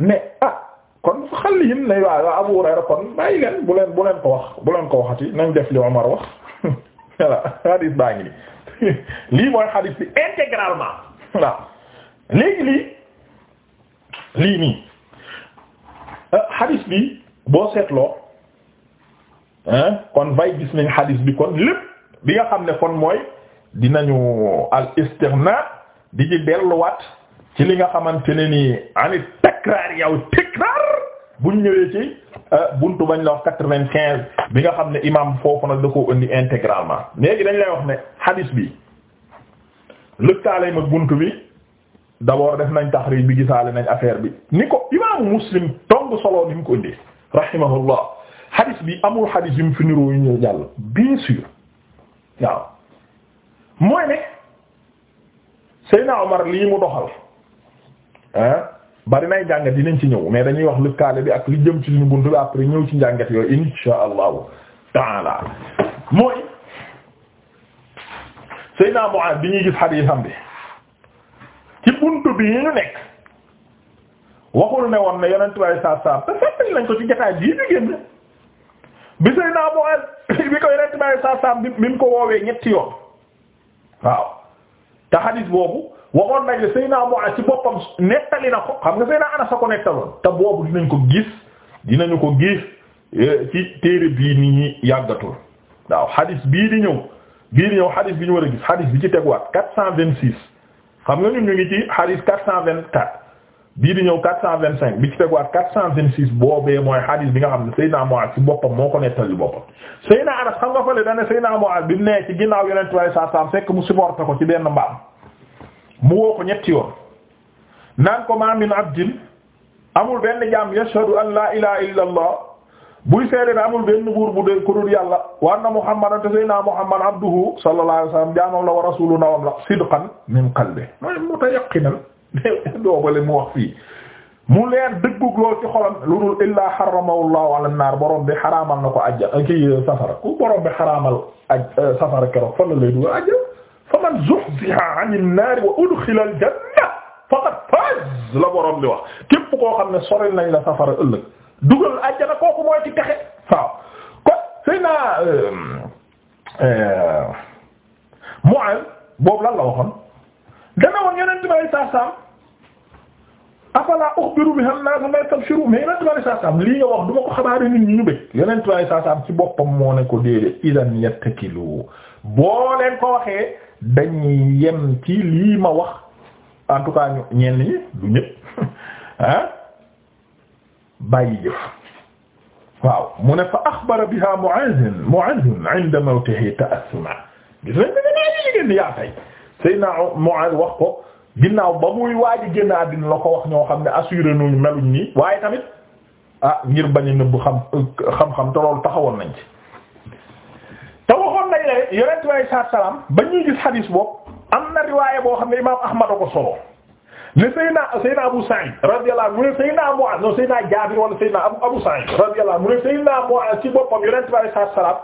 ne ah kon xal ne waaw waaw Abu Hurayra kon bàyyi leen bu leen bu leen ko wax bu leen ko waxati nañ def li Omar wax voilà hadith baa ngi nii lii mooy hadith bi intégralement waaw léegi lii lii nii euh, hadith bi boo seetloo kon bay gis nañ hadith bi kon lépp bi nga xam ne kon mooy dinañu al istighna di ci delluwaat ci li nga xamante ne nii anit takraar yow takraar buñ ñëwee ci euh, buntu bañ la wax quatre-vingt-quinze bi nga xam ne imam foofu nag da koo indi intégralement léegi dañ lay wax ne hadis bi lëkkaale mag bunt bi d'abord def nañ taxrij bi gisaale nañ affaire bi ni ko imaamu muslim tong solo ni mu ko indi rahimahullah hadis bi amul hadis yu mu fi niroo yu ñu jàll bien sûr waaw mooy ne Seydina Omar lii mu doxal bari nay jàngat yi nañ ci ñëw mais dañuy wax lëkkaale bi ak li jëm ci suñu buntu bi après ñëw ci jàngat yooyu insha allahu taala mooy Seydina Mu'aaz bi ñuy gis xadiisam bi ci buntu bi ñu nekk waxul ne woon ne yonent bi saa saa te fàttali nañ ko ci jotaay bii ñu génn bi Seydina Mu'aaz bi ko yonent bi saa saa mi mu ko woowee ñetti yoon waaw te xadiis boobu. waxoon nañ ne Seyna Mu'aaz ci boppam nettali na ko xam nga Seyna Anas a ko nettaloon te boobu dinañ ko gis dinañu ko gis eh, ci téere bii nii yàggatul waaw hadith bii di ñëw bii di ñëw hadith bi ñu war a gis hadith bi ci xam nga ñun ñu ngi ci hadith 424 bii di ñëw 425 bi ci teguwaat 426 boobee mooy hadith bi nga xam ne Seyna Mu'aaz ci boppam moo ko nettali boppam Seyna Anas xam bi mu nee ci ginnaaw Yonent bi sallallahu alayhi ko ci benn mbaam. mu woo ko ñetti yoon naan ko ma min abdin amul benn jaam yashhadu an la ilaha illa allah buy seede ne amul benn buur bu dee ku dul yàlla wa anna muhammadan te sayyidina muhammad abduhu sallallahu alayhi wasallam jaamam la wa rasulu nawam la sidqan min qalbi mooy mutayaqinan doobale mu wax fii mu leer dëggug lool ci xolam lu dul illaa haramahu llahu ala naar borom bi xaraamal na ko ajja ki safara ku borom bi xaraamal aj safara keroog fan la lay dugal ajja faman zuhziha anin naar wa udxila al janna faqad faz la borom bi wax képp koo xam ne soril nañ la safara ëllëg dugal àjjana kooku mooy ci texe waaw kon sëy naa euh, euh, Mu'aaz boobu lan la waxoon dana woon yeneen tibari saa saam afala ukhbiru bi xam naa samay tabshiru mais yeneen tibari saa saam lii nga wax du ma ko xabaari nit ñi ñu bëgg yeneen tibari saa saam ci boppam moo ne ko déedéet idan yattakilu boo leen ko waxee dañuy yem ci lii ma wax en tout cas ñenn ñi du ñëpp ah bàyyi jëf waaw mu ne fa axbara biha Mu'aaz Mu'aaz inda mawtihi ta'assuma gis nañ ne maa ngi liggéey ni yaa tey Seydina Mu'aaz wax ko ginnaaw ba muy waaj a génn àddina la ko wax ñoo xam ne assuré nu meluñ nii waaye tamit ah ngir bañ a nëbb xam xam-xam te loolu taxawoon nañ ci. ne yonent bi alayhi salaatu salaam ba ñuy gis xadiis boobu am na riwaaya boo xam ne imaam Ahmad a ko solo ne Seyna Seyna Abu Sa'id radiyallahu anhu mu ne Seyna Mu'az non Seyna Jaabir wala Seyna Abu Sa'id radiyallahu anhu mu ne Seyna Mu'az ci boppam yonent bi alayhi salaam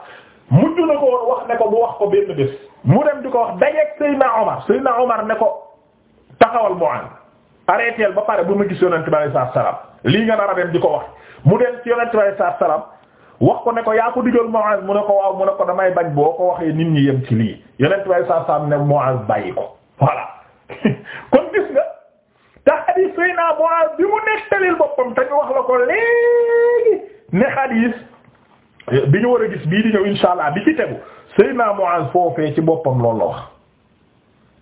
mujj na ko woon wax ne ko bu wax ko benn bés mu dem di ko wax dajeek Seyna Omar Seyna Omar ne ko taxawal Mu'az arrêteel ba pare bu ma gis yonent bi alayhi salaam lii nga nar a dem di ko wax mu wax ko ne ko yaa ko digal Muaz mu ne ko waaw mu ne ko damay bañ boo ko waxee nit ni yem ci lii yonent way saa saam ne Muaz bàyyi ko wax la ko léegi ne xadiis eh, bi ñu war a gis bii di ñëw bi ci tegu Seydina Muaz foofee ci boppam loolu la wax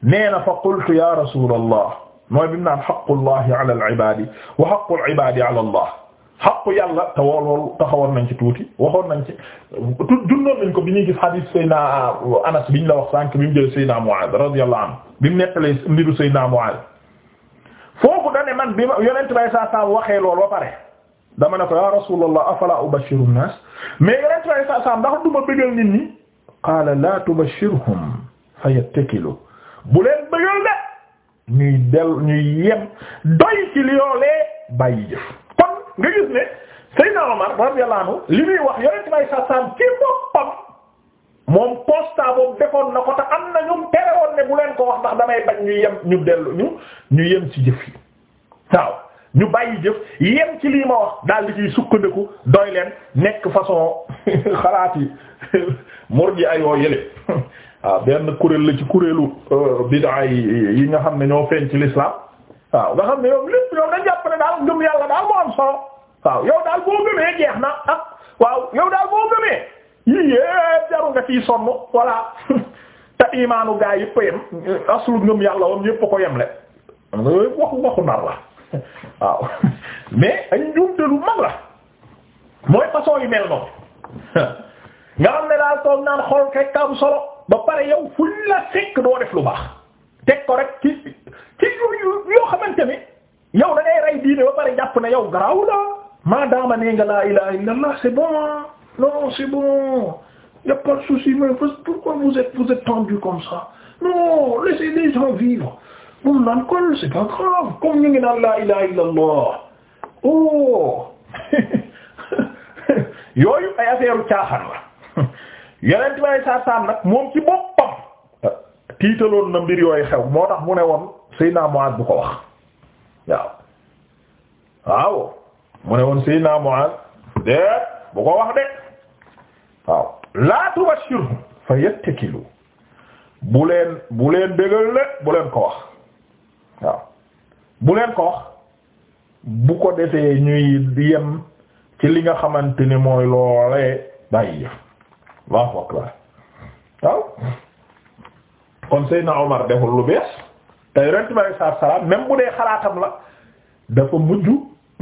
na fa qultu ya rasulallah mooy bi mu naan xaqullahi ala al ibadi wa al ibadi ala allah xaqu yàlla te woo loolu taxawoon nañ ci tuuti waxoon nañ ci junnoon nañ ko bi ñuy gis hadith Seydina Anas bi ñu la wax sànq bi mu jël Seydina Mu'aaz radiyallahu anhu bi mu nettalee mbiru Seydina Mu'aaz foofu da ne man bi ma yonent bay saa saa waxee loolu ba pare dama ne ko ya Rasulullah afala ubashiru nnaas mais yonent bay saa saa ndax du ma bëggal nit ñi qaala laa tubashirhum fayattakilu bu leen bëggal de ñuy del ñuy yem doy ci nga gis ne Seydina Omar radiyallahu li muy wax yonent may sasam ci moom constat boobu defoon na ko te am na ñum tere woon ne bu leen ko wax ndax damay bañ ñu yem ñu dellu ñu ñu yem ci jëf yi waaw ñu bàyyi jëf yem ci lii ma wax daal di ciy sukkandiku doy leen nekk façon xalaat yi murji ayoo yële waaw benn kuréel la ci kuréelu euh, bid'a yi nga xam ne ñoo feeñ ci l'islam waaw nga xam ne yow lépp yow dañ jàpp ne daal gëm yàlla daal moo am solo waaw yow daal boo gëmee jeex na ak ah waaw yow daal boo gëmee yëpp a ngëm yàlla woon yëpp a ko yemle waxu waxu nar la waaw mais ay njuumte lu mag la mooy façon yu mel noonu nga xam ne daal toog naan xool kekk am solo ba pare yow fuñ la fekk doo def lu baax teg ko rek ci ci yooyu yoo xamante ne yow da ngay rey diine ba pare jàpp na yow garaaw la maadaama nee nga laa ilaha illallah c'est bon non c'est bon y a pas de souci mais pourquoi vous êtes vous êtes tendu comme non laissez les gens vivre moom naan kon c'est pas grave comme ñu ngi naan laa ilaha illallah oh yooyu ay affaire caaxaan la yeneen tubaab yi saa saa nag moom ci boppam tiitaloon na mbir yooyu xew moo tax mu ne woon. Seydina Muaaz bu ko wax waaw waaw mu ne woon Seydina Muaaz de bu ko wax de waaw laa tubashirhum fa yattakilu bu leen bu leen dëgal le bu leen ko wax waaw bu leen ko wax bu ko defee ñuy yem ci li nga xamante ni mooy loolee bàyyi jëf Allahu akbar waaw kon Seydina Omar deful lu bees te yonent bi alayhi salaatu salaam même bu dee xalaatam la dafa mujj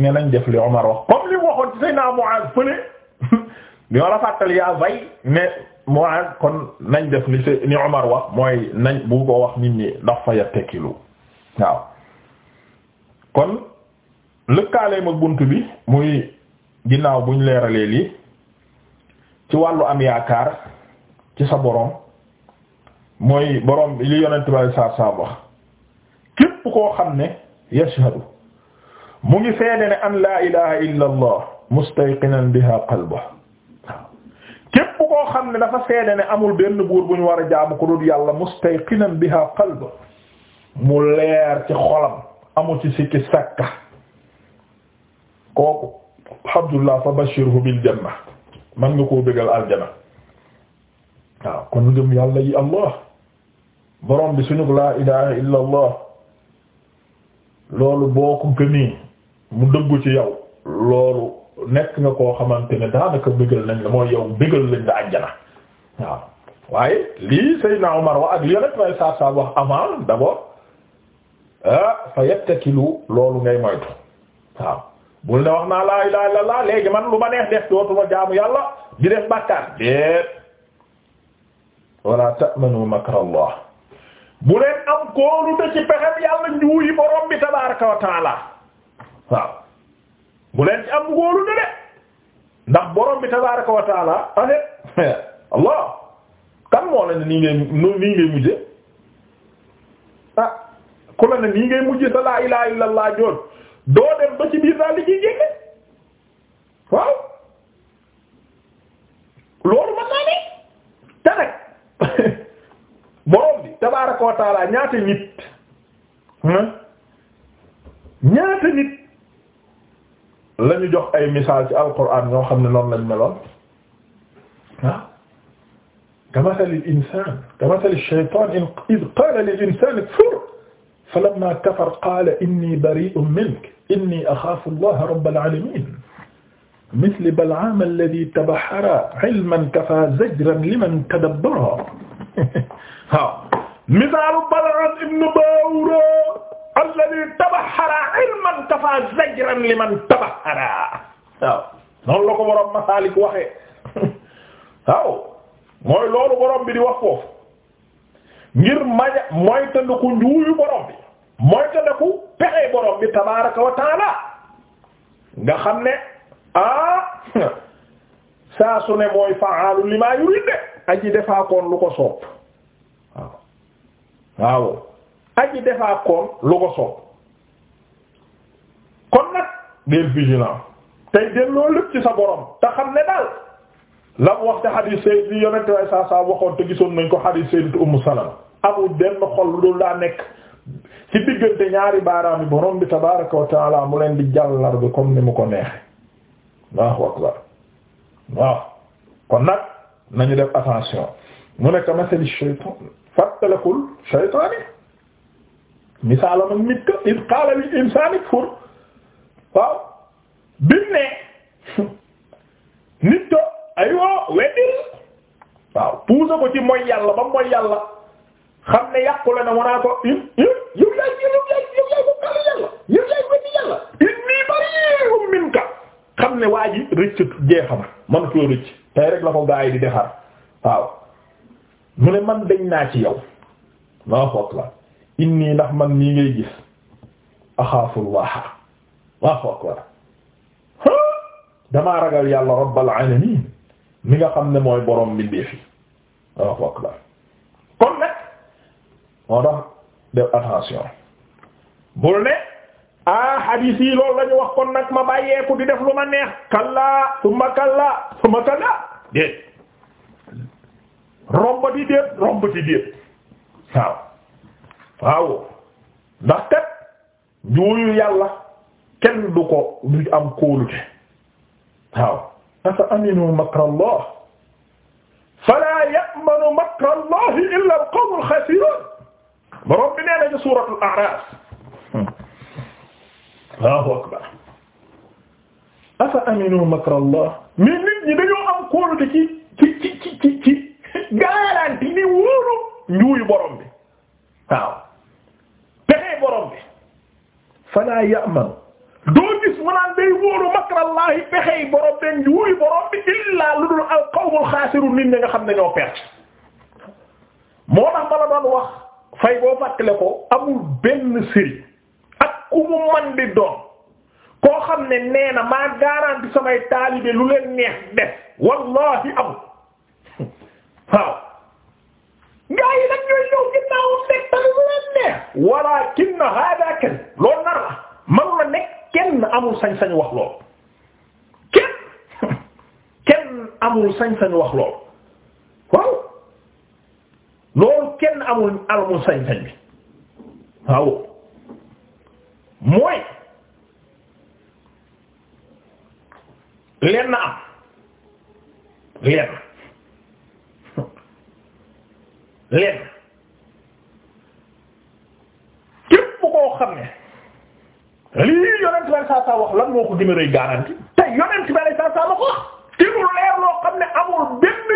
ne nañ def li Omar wax comme li waxoon ci Seydina Muaaz fële li war a yaa bay ne Muaaz kon nañ def li li Omar wax mooy nañ bu ko wax nit ñi ndax fa yattakilu waaw kon lëkkaaleem ak bunt bi muy ginnaaw buñ leeralee lii ci wàllu am yaakaar ci sa boroom mooy boroom li yonent bi alayhi salaatu salaam wax képp koo xam ne mu ngi seede ne an laa ilaha illa allah mustayqinan biha qalbuhu waaw képp koo xam ne dafa seede ne amul benn buur bu ñu war a jaamu ko dul yàlla mustayqinan biha qalbuhu mu leer ci xolam amul ci sikki sakka kooku alhamdulillah fa bashirhu bil janna man nga koo bégal aljana waaw kon ngëm yàlla yi allah borom bi suñu laa ilaha illa allah loolu boo ko gënee mu dëggu ci yow loolu nekk nga koo xamante ne daanaka bëggal nañ la mooy yow bëggal lañ la àjjana waaw waaye lii Seydina Omar wax ak yonent may saab saab loolu ngay moytu waaw bul ne wax naa laa ilaaha illallaah léegi man lu ma neex def dootuma jaamu yàlla di def bàkkaar déet wala ta'manu makrallaah bu leen am kóolute ci pexem yàlla njuuyi borom bi tabaaraka wa taala am kóolute de ndax borom bi tabaaraka wa taala ahe Allah kan moo la ne nii ngay nii ngay mujje ah ku la ne nii ngay mujje sa laa ilaaha illallaah joon doo dem ba ci biir daal li ciy jénge waaw loolu borom bi tabaaraka wa taala ñaata nit ñaata nit la ñu jox ay misaal ci alquran ñoo xam ne noonu lañ meloon ah kamasali al-insaan kamasali ash-shaytaan iz qaala lil-insaani kfur falammaa kafara qaala innii barii'un minka innii axaafu llaaha rabbal aalamiin misli bal'aam alladii tabahhara ilman kafaa zajran liman tadabbara waaw misaalu Bal'am ibn Baawura alladhi tabahhara ilman kafa zajran liman tabahhara waaw noonu la ko borom Masaalik waxee waaw mooy loolu borom bi di wax foofu ngir maña mooy tënku njuuyu borom bi mooy tënku pexe borom bi tabaaraka wa taala nga xam ne ah. saa su ne mooy fa'aalu limaa yurid de aji defaa koon lu ko soob waaw waaw aji defaa koon lu ko soob kon nag del vigilant tey delloo lépp ci sa borom te xam ne daal la mu wax ci xadiis sayyid yi yonent way saa saa waxoon te gisoon nañ ko xadiis sayyid Ummu Salama amul benn xol lu dul daa nekk ci diggante ñaari baaraam yi borom bi tabaaraka wa ta'aala mu leen di jàllar bi comme ni mu ko neexe waaw kon nag nañu def attention mu nekk masali shaytan fattalakul shaytaani misaala nag nit in qaala li insaani kfur waaw biñ ne nit ko aywa weddil waaw puusa ko ci mooy yàlla ba mooy yàlla xam ne yàqule na wanaa ko in in yow yaay yow yaay yow yaay ko kàlla yàlla yow yaay weddi inni bari'un minka xam ne waa ji rëccatu jeexama man koo rëcc tey rek la ko gaa di defar waaw mu ne man dañ naa ci yow naa xoot la inni ndax man nii ngay gis axaafullaha naa xoot la damaa ragal yàlla rabbal alamin mi nga xam ne mooy borom mbindeef yi naa xoot la kon nag moo tax def attention bul ne ah hadis yi loolu la ñu wax kon nag ma bàyyeeku di def lu ma neex kallaa summa kallaa summa kallaa déet rombati déet rombati déet waaw waaw ndax kat njuuyu yàlla kenn du ko du am kóolute waaw afa aminu makra allah fala ya'manu makra allah illa al qawm al khasirun borom bi nee na ci suuratul a'raaf Allahu akbar afa aminu makrallah mais nit ñi dañoo am kóolute ci ci ci ni wóolu njuuyu borom bi waaw pexe borom bi fala ya'man doo gis mu day wóolu makrallahi pexey borom bi njuuyu borom bi illaa lu al qawmul xaasirun nit nga xam ne ñoo perte moo la doon wax fay boo fàttale ko amul benn sëriñ ku mu man di doon koo xam ne nee na maa garanti samay taalibe lu leen neex def wallahi am waaw gaa nag ñooy ñëw ginnaawam nekk tamit lu leen neex walakin hada kenn loolu nar la man la nekk kenn amul sañsañ sañ wax lool kenn kenn amul sañ-sañ wax lool waaw loolu kenn amul amul sañ-sañ bi mooy leen na am leen leen képp koo xam ne lii yonent bi saa saa wax lan moo ko gën garanti te yonent bi saa saa la ko wax ci xam ne amul benn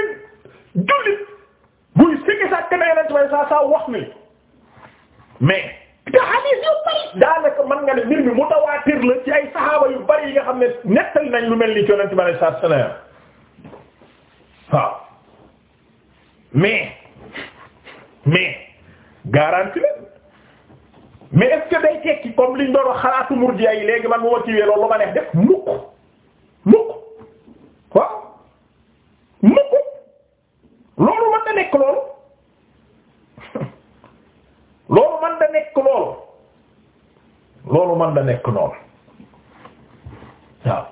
jullit buy sikki sàkk ne yonent bi saa saa wax ni mais te xadiis yu daanaka mën nga ne mbir mi mutawaatir la ci ay saxaaba yu bari yi nga xam ne nettali nañ lu mel ni Yonent bi sallallahu alayhi wasallam waaw mais mais garanti la mais est day tekki comme liñ doon wax xalaatu murjiya yi léegi man mu ma ci weeloo ma neex def mukk mukk waaw mukk loolu mën na nekk loolu. loolu man da nekk loolu loolu man da nekk noonu waaw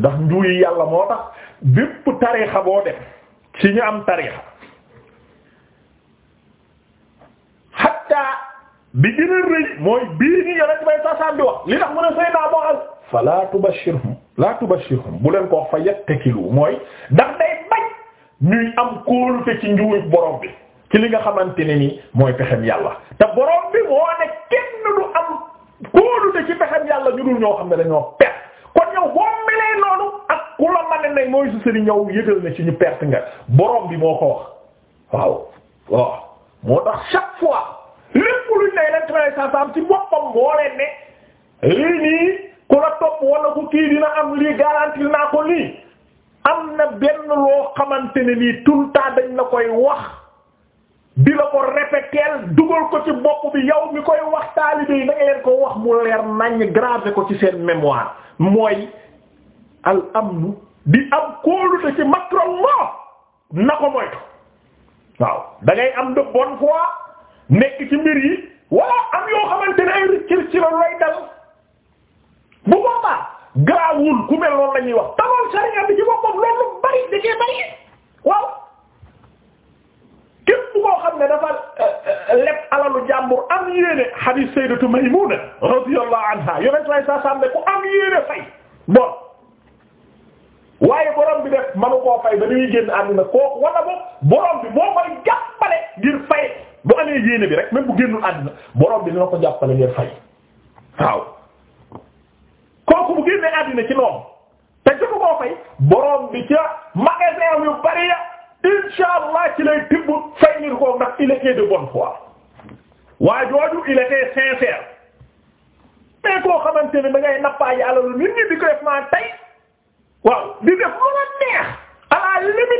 ndax njuuyi yàlla moo tax bépp tariixa boo dem ci ñu am tariixa xatta bi gën a rëy mooy bii ni yonent bay saasaan bi wax li tax mu ne say naa moo al fa laa tubashirhum laa tubashirhum bu leen ko wax fa yattakilu mooy ndax day bañ ñuy am kóolute ci njuuy borom bi ci li nga xamante ne ni mooy pexem yàlla te borom bi moo ne kenn du am kóolu de ci pexem yàlla ñu dul ñoo xam ne dañoo perte kon yow boo melee noonu ak ku la mën ne mooy su sëriñ ñëw yëgal ne ci ñu perte nga borom bi moo ko wax waaw waaw moo tax chaque fois lépp luñ lay leen traité sans sàmm ci boppam moo leen ne lii nii ku la topp wala ku kii dina am lii garanti naa ko lii am na benn loo xamante nii tout le temps dañ la koy wax. di la ko répéteel dugal ko ci bopp bi yow mi koy wax taalibe yi da leen ko wax mu leer naññ gravé ko ci seen mémoire mooy al amnu di am kóolute ci makrallah na ko moytu waaw da am de bonne foi nekk ci mbir yi wala am yoo xamante ne ay rëccër ci la lay bu boobaa garaawul ku mel noonu la wax tawoon sariya bi ci boppam loolu bari da bari waaw. képp koo xam ne dafa euh, euh, leb alalu jàmbur am yéene hadith sayyidatu Maymuna radiyallahu anha yonent lay sa sàmbe ku am yéene fay bon waaye borom bi def manu koo fay ba dañuy génn àdduna kooku wala boog borom koy jàppale ngir fay bu amee yéene bi rek même bu génnul àdduna borom bi dina ko jàppale ngir fay waaw kooku bu génnee àdduna ci noonu te jotu koo fay borom bi ca magasin yu bari insha allah ci lay tibb fay ko ndax il était de bonne foi waa jooju il était sincère mais koo xamante ni da ngay nappaaji alalu nit ñi di ko def tey waaw di def lu la neex à la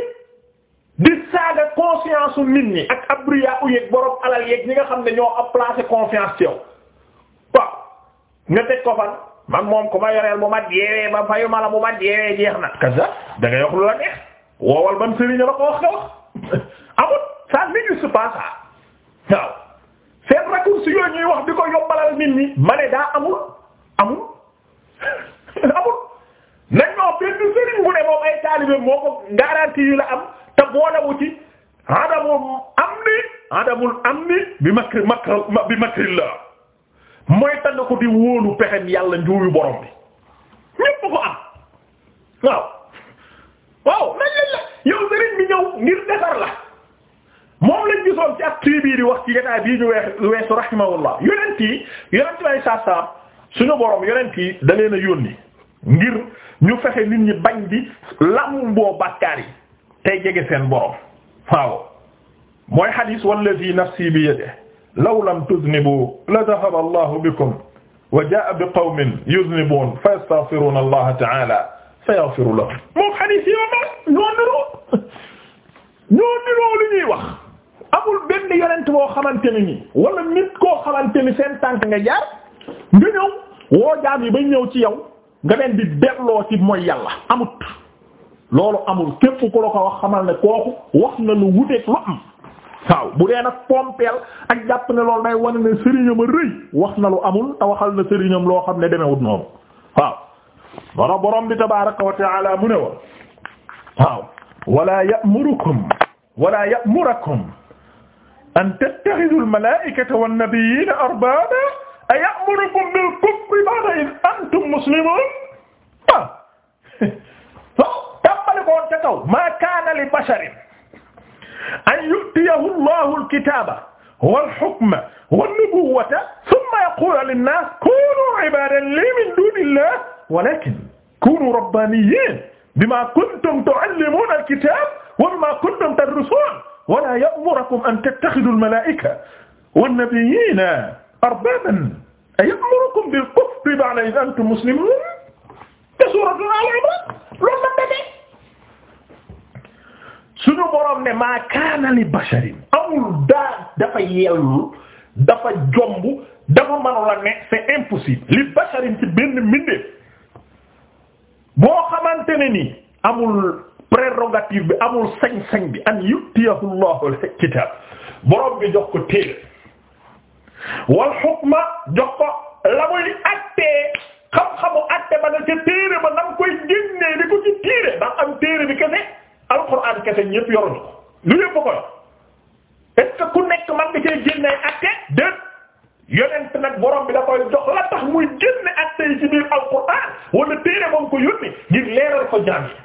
di saaga conscience u nit ñi ak abriya u yeeg borom alal yeeg ñi nga xam ne ñoo ab placé confiance yow waaw nga teg ko fan man moom ku ma yoreel bu ma deewee ba fayu ma la bu ma deewee jeex na kaza da ngay wax lu la neex woowal ban sëriñ la ko wax nga wax amut ça n'existe pas ça waaw seen raccourci yooyu ñuy wax di ko yombalal nit ñi ma daa amul amul amul nañ ñoo benn sëriñ bu ne moom ay taalibe moo ko garantie yu la am te boolewu ci adamul am ni adamul am ni bi makri makri bi makri mooy tànn ko di wóolu pexem yàlla njuuyu borom bi ñépp ko am waaw waaw nañ leen la yow sëriñ bi ñëw ngir defar la moom lañ gisoon ci ak bii di wax ci jotaay bii ñu weesu weesu rahimahullah yonent yi yonent lay saa saam suñu borom yonent yi da leen a yónni ngir ñu fexe nit ñi bañ di lamboo bàkkaar yi tey jege seen borom waaw mooy xadiis wallazi nafsi bi yadihi law lam tuznibu la dhahaba allahu bikum wa jaa bi qawmin yuznibuun fa yastaghfiruuna allaha ta'ala sayaghfiru lahu moom xadiis yi ma ñoo niroo ñoo niroo lu ñuy wax amul benn yonent boo xamante ni nii wala nit koo xamante ni seen tànk nga jaar nga ñëw woo jaam yi ba ñëw ci yow nga leen di delloo ci mooy yàlla amut loolu amul képp ku la ko wax xamal ne kooku wax na lu wuteek lu am waaw bu dee nag pompeel ak jàpp ne loolu day wane ne sëriñam a rëy wax na lu amul te waxal na sëriñam loo xam ne demewut noonu waaw wala borom bi tabaaraka wa ta'aala mu ne wa waaw wala ya'murukum wala ya'murukum an tattakhidhu al-malaa'ikata wan-nabiyyiina arbaaban a ya'murukum bil-kufri ba'da idh antum muslimuun ah tàmbali ko woon ca kaw maa kaana li basharin an yu'tiyahu Allahu al-kitaaba wal-hukma wan-nubuwwata thumma yaquula lin-naasi kuunuu ibaadan lii min duuni Allaah walakin kunu rabbaniyyin bima kuntum tu'allimuna al-kitab wa bima kuntum tadrusun wa la ya'murukum an tattakhidhu al-mala'ikata wan-nabiyyina arbaban aya'murukum bil-kufri ba'da idh antum muslimun te suuratul Al-Imraan loolu la demee suñu borom ne maa kaana li basharin amul daa dafa yellul dafa jomb dafa mënul a ne c'est impossible li basharin ci benn mbindeef boo xamante ni amul prérogative bi amul sañ-sañ bi an yutiyahu llahu alkitab borom bi jox ko téere wal xukma jox ko la muy attee xam-xamu atte ba nga ca téere ba nam koy génnee di ko ci téere ndax am téere bi kese alquran kese ñëpp yoruñu ko lu yëpp ko est-ce que ku man nga cee génnee atte yonent nag borom bi da koy jox la tax muy génne ak tey ci biir alquran wala téere moom ko yónni ngir leeral ko jaam yi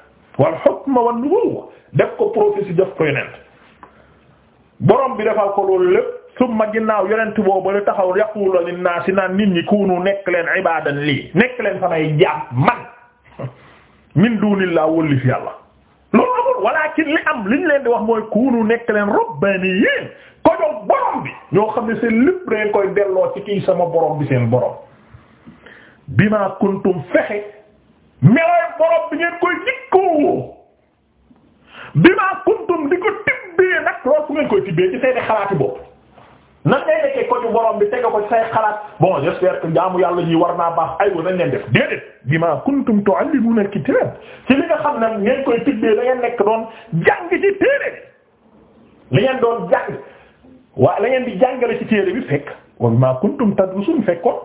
wal hukma wan nubuwwa def ko prophétie def ko yonent borom bi defal ko loolu lépp summa ginnaaw yonent boobu la taxaw yaqulu lin naasi naan nit ñi kunu nekk leen ibadan lii nekk leen samay jaam man min dunillah wólli fi yàlla walakin li am liñ leen di wax mooy kuunu nekk leen rabbaniyin ko jox borom bi ñoo xam ne seen lépp leen koy delloo ci kii sama borom bi seen borom bima kuntum fexe melooy borom bi ngeen koy jikkoo bima kuntum di ko tibbee nag loolu fu ngeen koy tibbee ci seeni xalaati bopp nan ngay ko ci borom bi teg ko say xalaat bon j'espère que jaamu yàlla ñi war naa baax aywa nañ leen def déedéet bima kuntum tuallimuna alkitab ci li nga xam ne ngeen koy tibbee da ngeen nekk doon jàng ci téere bi li ngeen doon jàng waa la ngeen di jàngale ci téere bi fekk wa bima kuntum tadrusun fekkoon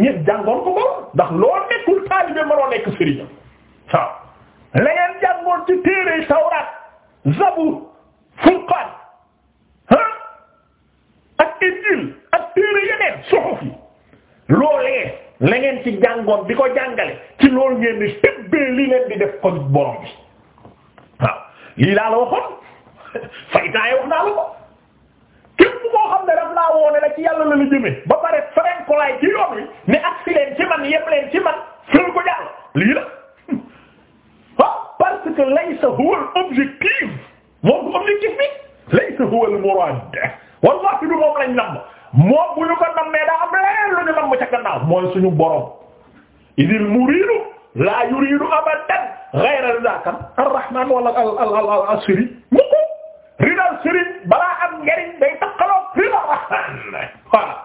ñépp jàngoon ko borom ndax loo nekkul taalibe mënoo nekk sëriñ waaw la ngeen jàngoon ci téere tawraat zabur furqaan ak injil ak ngeen ci jàngoon di ko jàngale ci loolu ngeen di di def kon borom bi waaw lii la waxoon faytaay wax naa la ko képp koo xam ne daf laa woone la ci yàlla la la ba pare feren ko laay ci yoon ne agsi leen ci man yem leen ci man fël ko lii la ah parce que laysa huwa al objectif moom du objectif bi laysa huwa al murad wal waafidu moom lañ namm moom bu ñu ko nammee daa am leneen lu ñu namm ca gannaaw mooy suñu borom idil muriidu laa yuriidu abadan ghayra ridaakan ar-rahmaan wala mu rahmaan voilà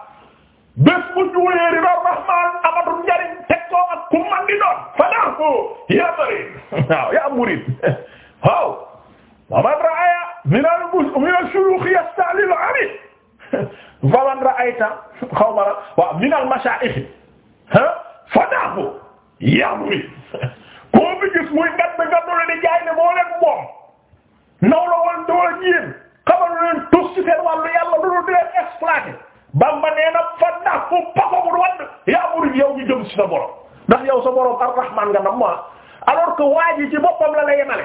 bés bu juulee rahmaan amatul njariñ teg ko ak fa daa ko yaa murid waaw yaa murid waaw min al-bus min al-shuyukh yasta'lilu ra'ayta xaw ma la waaw min al-mashayikh fadaahu yabwi koo fi gis muy gat bi nga doon di jaay ne moo leen moom naw la woon doon yéen xamal leen tus ci seen wàllu yàlla lu dul di leen exploiter Bamba nee na fadaahu paxagul wàll yabwi yow ñu jëm ci sa borom ndax yow sa borom ar-Rahmaan nga nam alors que waa ji ci la la yemale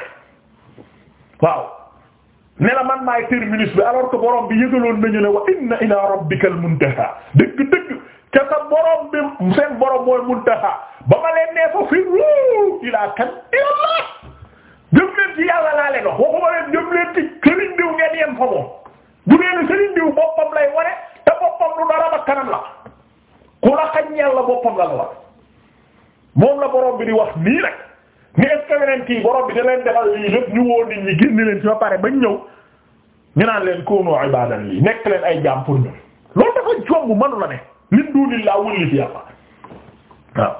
waaw. ne la man maay terminus bi alors que borom bi yëgaloon nañu ne wa inna ila rabbikal muntaha dëgg-dëgg ca sa borom bi seen borom mooy muntaha ba ma nee fa firru ila kan ila Allah jëm ci yàlla laa leen wax waxuma leen jëm ci sëriñ diw ngeen fa moom bu dee sëriñ diw boppam lay ware te boppam lu dara ba la ku la xañ yàlla boppam la la war moom la borom bi di wax nii nag. ni est-ce que bi da leen defal lii lépp ñu woo nit ñi leen ci ba pare bañ ñëw ñu naan leen kunu ibadan lii nekk leen ay jaam pour loolu dafa jomb manu la ne min dunillah wulli fi yàlla waaw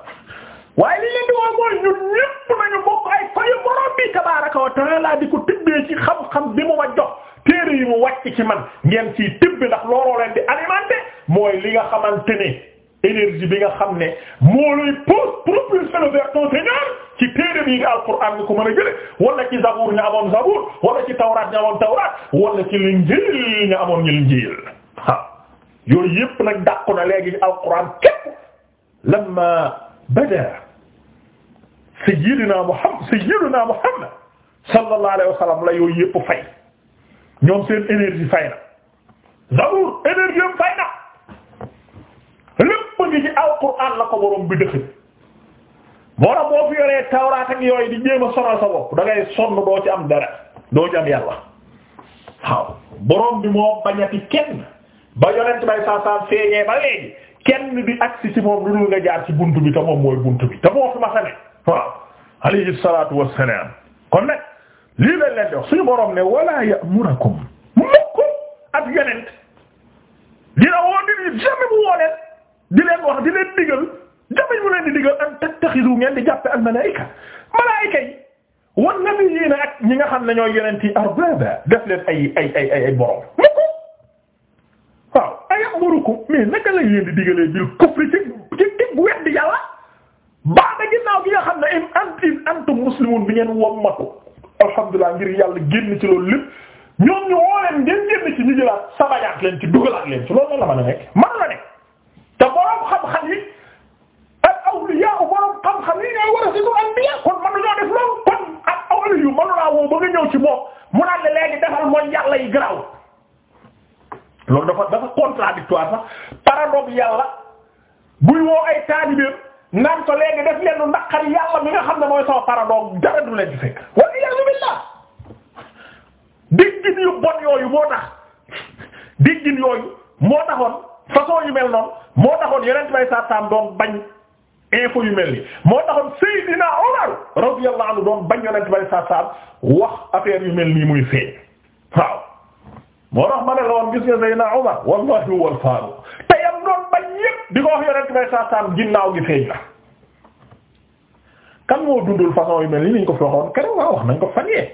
waaye li leen di wax mooy ñun ñépp nañu bokk ay fayu borom bi tabaaraka wa ta'ala di ko tibbee ci xam-xam bi mu ma jox téere yi mu wàcc ci man ngeen ci tibb ndax looloo leen di alimenter mooy li nga xamante ne énergie bi nga xam ne moo lay propulser ci téere bi nga alquran nga ko mën a jële wala ci zabuur nga amoon zabuur wala ci tawraat nga amoon tawraat wala ci linjiil nga amoon linjiil waaw yooyu yëpp nag dàqu na léegi alquran képp lamma bada sayyidina Muhammad sayyidina Muhammad sallallahu alayhi wa sallam la yooyu yëpp fay ñoom seen énergie yi na zabuur fay la ko borom bi dëxëj moo tax boo fi yoree tawraat ak yooyu di jéem a sonal sa bopp da ngay doo ci am dara doo ci am yàlla waaw borom bi moo bañati kenn ba yonent bay saasaam feeñee ba léegi kenn di agsi ci moom lu dul nga jaar ci buntu bi te moom mooy buntu bi te moo fi ma sane waaw alayhi salaatu wassalaam kon nag lii lañ leen dox suñu borom ne wala ya'murakum mukk ak yonent dina woo nit ñi jamais bu woo leen di leen wax di leen digal dafay mu leen di an tattaxidu ngeen di jàppe al malaayika malaayika yi wan nabiyyiina ak ñi nga xam ne ñooy yonent yi arbaaba def leen ay ay ay ay ay borom. waaw ayamurukum mais naka la yéen di digalee bil kufri ci ci ci bu weddi yàlla baax na ginnaaw gi nga xam ne in antum antum bi ngeen wommatu alhamdulilah ngir yàlla génn ci loolu lépp ñoom ñu woo leen ngeen génn ci ñu jëlaat sabayaat leen ci dugalaat leen ci loolu la mën a nekk mën na nekk te borom awliyaa borom xam-xam yi ñooy warasatul anbiyaa kon man ñoo def loolu kon ak awliyu man laa woo ba nga ñëw ci moom mu naan la léegi defal mooy yàlla yi garaaw loolu dafa dafa contradictoire sax paradoxe yàlla buy woo ay taalibeem naan ko léegi def leen lu naqar yàlla mi nga xam ne mooy sama paradoxe dara leen di fekk. wal iyaazu billaah diggin yu bon yooyu moo tax diggin yooyu moo taxoon façon yu mel noonu moo taxoon yeneen may saa saam doon bañ. info yu mel ni moo taxoon Seydina Omar radiyallahu anhu doon bañ yonent bay saa wax affaire yu mel nii muy feeñ waaw moo tax ma ne la woon gis nga Seydina Omar wallahi wal faaru te yam doon bañ yépp di ko wax yonent bay saa saa ginnaaw gi feeñ la. kan moo dundul façon yu mel nii ni ko fi waxoon keroog wax nañ ko fan yee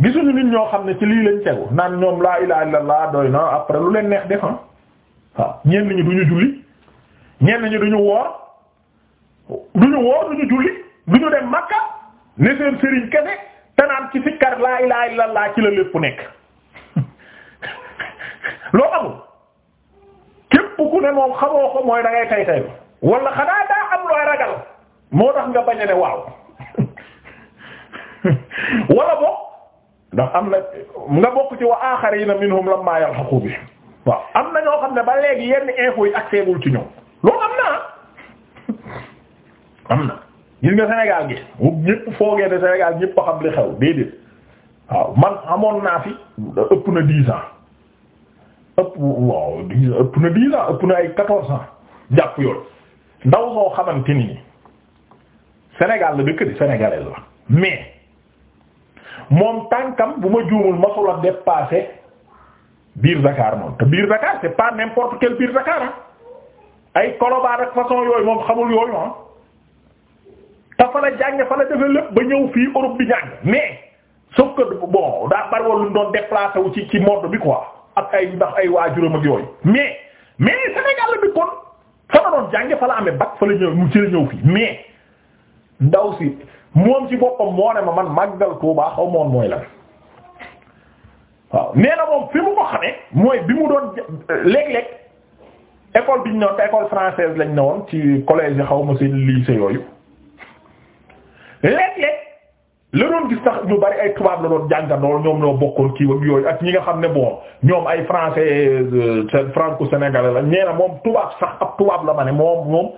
gisuñu nit ñoo xam ne ci lii lañ tegu naan ñoom laa ilaaha illallaah doy na après lu leen neex def ah. waaw ñenn ñi duñu julli ñenn du ñu woor du ñu julli du ñu dem Makka ne seen sëriñ kese te naan ci sikkar laa ilaaha illallaah ci la lépp nekk loo amul képp ku ne moom xamoo ko mooy da ngay tay tay xanaa daa am looy ragal moo tax nga bañ ne waaw wala boog ndax am na nga bokk ci wa aaxariina minhum lammaa yalhaqu bi waaw am na ñoo xam ne ba léegi yenn info yi accès wul ci ñoom loolu am am na gis nga Sénégal gi ñëpp foogee ne Sénégal ñëpp a xam li xew déedéet waaw man amoon naa fi ëpp na dix ans ëpp waaw ëpp na ay quatorze ans jàpp yoon ndaw soo xamante ni ni Sénégal la dëkk di sénégalaise la mais moom tànkam bu ma juumul masula dépassé biir Dakar moom te biir Dakar c'est pas n'importe quel biir Dakar ay Colobane ak façon yooyu moom xamul yooyu moom. fa la jànge fa defe lépp ba ñëw fii Europe bi ñàng mais sauf que bon daa bari woon lu mu doon déplacé wu ci ci mode bi quoi ak ay ndax ay waajuram ak yooyu mais mais Sénégal la bi kon fa la doon jànge fa la amee bac ñëw mu ci la ñëw fii mais ndaw si moom ci boppam moo ne ma man màggal Tuubaa xaw moon mooy la waaw nee na moom fi mu ko xamee mooy bi mu doon léeg-léeg école bi ñu ne woon te école française lañ ne woon ci collège yi xaw ma seen lycée yooyu léeg-léeg la doon gis sax ñu bari ay tubaab la doon jàngandoo ñoom ñoo bokkoon kii ak yooyu ak ñi nga xam ne bon ñoom ay français euh, franco sénégalais la ñee moom tubaab sax ab tubaab la ma ne moom moom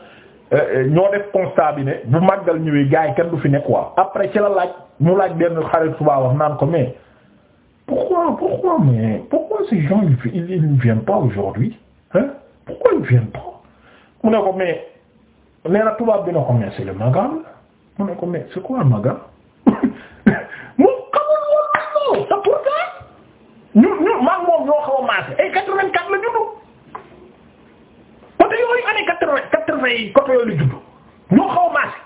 euh, ñoo def constat bi ne bu màggal ñëwee gars yi kenn du fi nekk waa après ci la laaj mu laaj benn xarit tubaab wax naan ko mais pourquoi pourquoi mais pourquoi ces gens ils ils ne viennent pas aujourd'hui hein pourquoi ils viennent pas mu ne ko mais nee na tubaab bi na ko mais mu ne ko mais c'est quoi magal mu xamul woon loolu te pourtant ñu ñu maag moom ñoo xaw a maase ay quatre-vingt-quatre la juddu yooyu année quatre-vingt quatre-vingt yi côté yooyu la juddu ñoo xaw a maase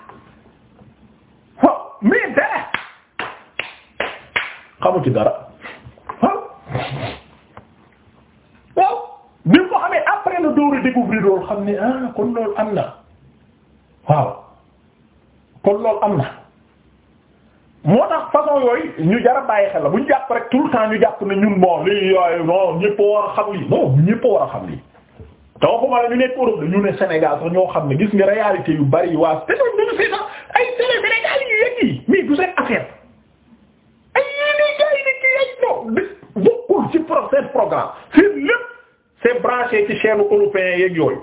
waaw mais dara xamu dara waaw waaw bi mu ko xamee après le door a découvrir loolu xam ne ah kon loolu am na kon loolu am na moo tax façon yooyu ñu jar bàyyi xel la bu ñu jàpp rek tout le temps ñu jàpp ne ñun bon lii yooyu non ñëpp war a xam lii non ñëpp war a xam lii. te waxuma la ñu nekk la ñu ne Sénégal sax ñoo xam ne gis nga réalité yu bari yi waa te ñun ñu ngi fi sax ay ay yeneen gars ci pro seen programme yooyu.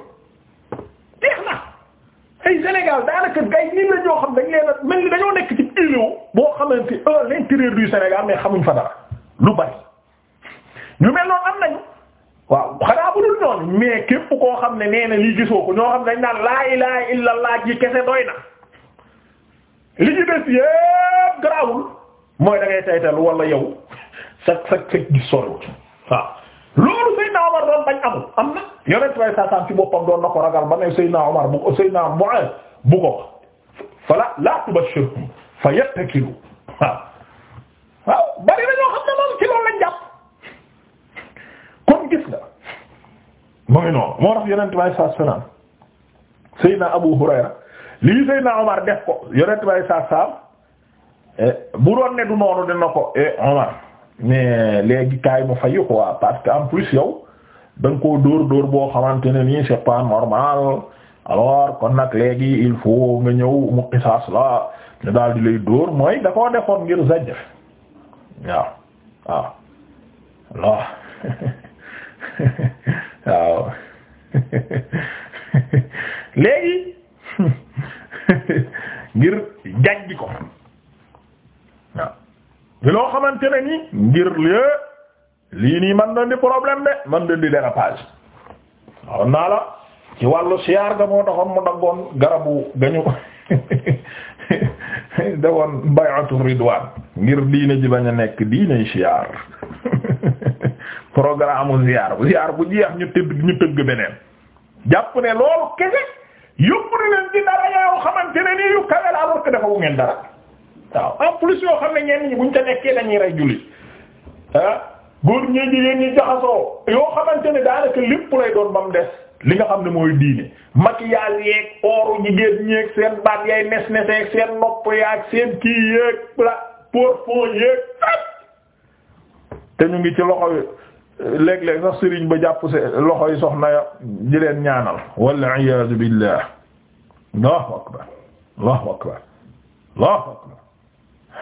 tey Sénégal daanaka gay nit ñoo xam dañ leen a mel ni dañoo nekk ci îlot boo xamante ni à l'intérieur du Sénégal mais xamuñ fa dara lu bari ñu mel noonu am nañu waaw xanaa bu dul noonu mais képp koo xam ne nee na lii gisoo ko ñoo xam dañ naan laa ilaaha illallaah ji kese doy na li ñu des yépp garaawul mooy da tey taytal wala yow sa sa sa gis soriwul waaw. loolu Seydina Omar doon bañ amul am na yonent way saasaam ci boppam doon na ko ragal ba ne Seydina Omar bu ko Seydina Mu'aaz bu ko fala laa tubashshirhum fa yattakilu waaw waaw bari na ñoo xam ne moom ci loolu jàpp kon gis nga mu ngi noonu moo tax yonent way saasaam Seydina Abu Hurayra lii Seydina Omar def ko yonent way saasaam eh, bu doon ne du noonu dina ko eh, Omar mais léegi kaay mu fayu quoi parce que en plus yow da koo dóor dóor boo xamante ne nii c'est pas normal alors kon nag léegi il faut nga ñëw mu qisaas la ñu daal di lay dóor mooy da koo defoon ngir zajjëf waaw waaw lo waaw léegi ngir jajji ko loo xamante ne ni ngir lii nii man doon problème de man doon di dérapage waaw naa la ci wàllu siyaar ga moo taxoon mu daggoon garabu gañu dawoon bay'atu ridwaan ngir diine ji bañ a nekk diine siyaar programme ziyaar bu ziyaar bu jeex ñu tëgg ñu tëgg beneen jàpp ne loolu kese yóbbu na leen ci dara yoo xamante ne nii yu kawe la alors que dafa wu ngeen dara waaw en plus yoo xam ne ñenn ñi buñ ca nekkee dañuy rey jullit ah góor ñi jigéen ñi jaxasoo yoo xamante ne daanaka lépp lay doon ba mu des li nga xam ne mooy diine maquillage yeeg ooru jigéen ñeeg seen baat yaay nes neseeg seen nopp yaag seen kii yeeg la porfon yeeg te ñu ngi ci loxo léeg-léeg sax sëriñ ba jàpp se loxo yi soxna ya di leen ñaanal wal iyaazu billah allahu akbar allahu akbar allahu akbar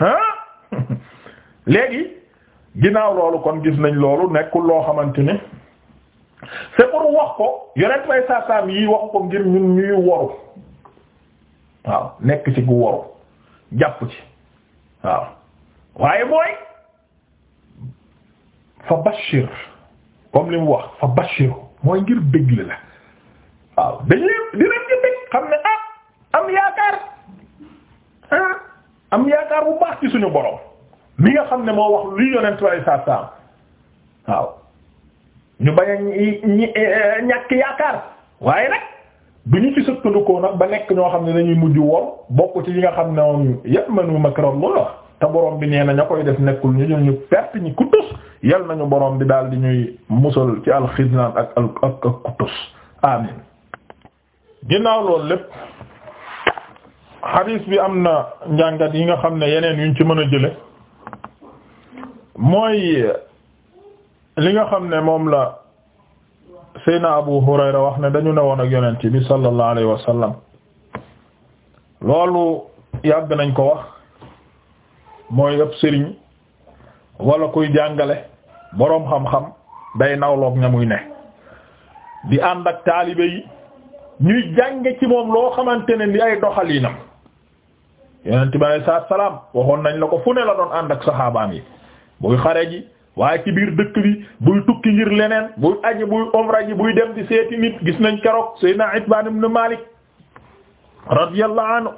léegi ginnaaw loolu kon gis nañ loolu nekkul loo xamante ne c'est pour wax ko yonent bay saasaam yi wax ko ngir ñun ñuy woru waaw nekk ci gu woru jàpp ci waaw waaye mooy fa bashir comme li mu wax fa bashir mooy ngir bégle la waaw dañ di leen ci bég xam ne ah, am yaakaar am yaakaar bu baax ci suñu borom mi nga xam ne moo wax luy yonent waaye saa saam waaw ñu bañ a eh, eh, yaakaar waaye nag du ñu ci sëkkandikoo ba nekk ñoo xam ne nañuy mujj woon bokk ci yi nga xam ne moom ya'manu makrallah te borom bi nee na ña koy def nekkul ñu ñu perte ñi kutus yal nañu boroom bi daal di ñuy musal ci alxiznaan ak ak ak kutus amin ginnaaw loolu lépp. xadiis bi am na njàngat yi nga xam ne yeneen yuñ ci mën a jële mooy li nga xam ne moom la Seyna Abu Hurayra wax ne dañu newoon ak yonent bi sallallahu alayhi wa sallam loolu yàgg nañ ko wax mooy ëpp sëriñ wala kuy jàngale boroom xam-xam day nawloog ña muy ne di ànd ak taalibe yi ñuy jànge ci moom loo xamante ne li ay doxalinam yonent bi alayhi salaatu salaam waxoon nañ la ko fu ne la doon ànd ak saxaabaam buy xare ji waaye ci biir dëkk bi buy tukki ngir leneen buy aji buy umra ji buy dem di seeti nit gis nañ keroog Seydina Itbaan ibn Maalik radiyallahu anhu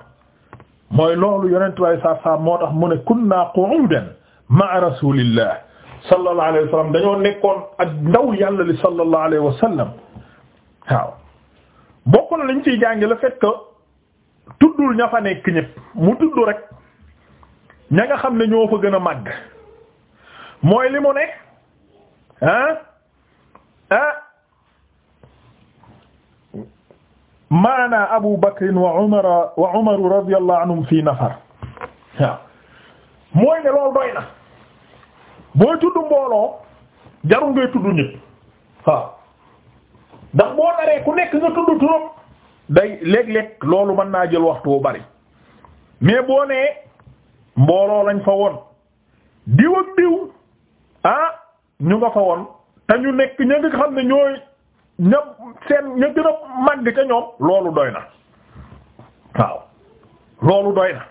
mooy loolu yonent bi alayhi salaam moo tax mu ne kunna qu'uudan ma'a rasuulillah sallallahu alayhi wa sallam dañoo nekkoon ak ndaw yàlla li sallallahu alayhi wa sallam waaw bokkul lañ ciy jànge le fait que tuddul ña fa nekk ñëpp mu tudd rek ña nga xam ne ñoo fa gën a màgg mooy li mu ne ah ah maana Abu Bakr wa Umar wa Umar radiyallahu anhum fi nafar mooy ne loolu doy na booy tudd mbooloo jarul ngay tudd ñëpp waaw ndax boo naree ku nekk nga tudd turam day léeg-léeg loolu mën naa jël waxtu wu bari mais boo nee mbooloo lañ fa woon diw ak diw ah ñu nga fa woon te ñu nekk ña nga xam ne ñooy ña seen ña gën a màgg ca ñoom loolu doy na waaw loolu doy na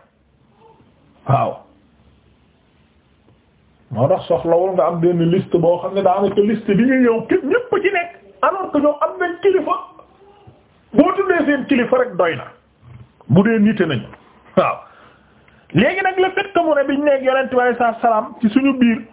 waaw moo tax soxlawul nga am benn liste boo xam ne daanaka liste bi nga ñëw képp ci nekk alors que ñoom am nañ kilifa. boo tuddee seen kilifa rek doy na bu dee nite nañu waaw léegi nag le fait que mu ne biñ nekk yonent bi alayhi salaam ci suñu biir.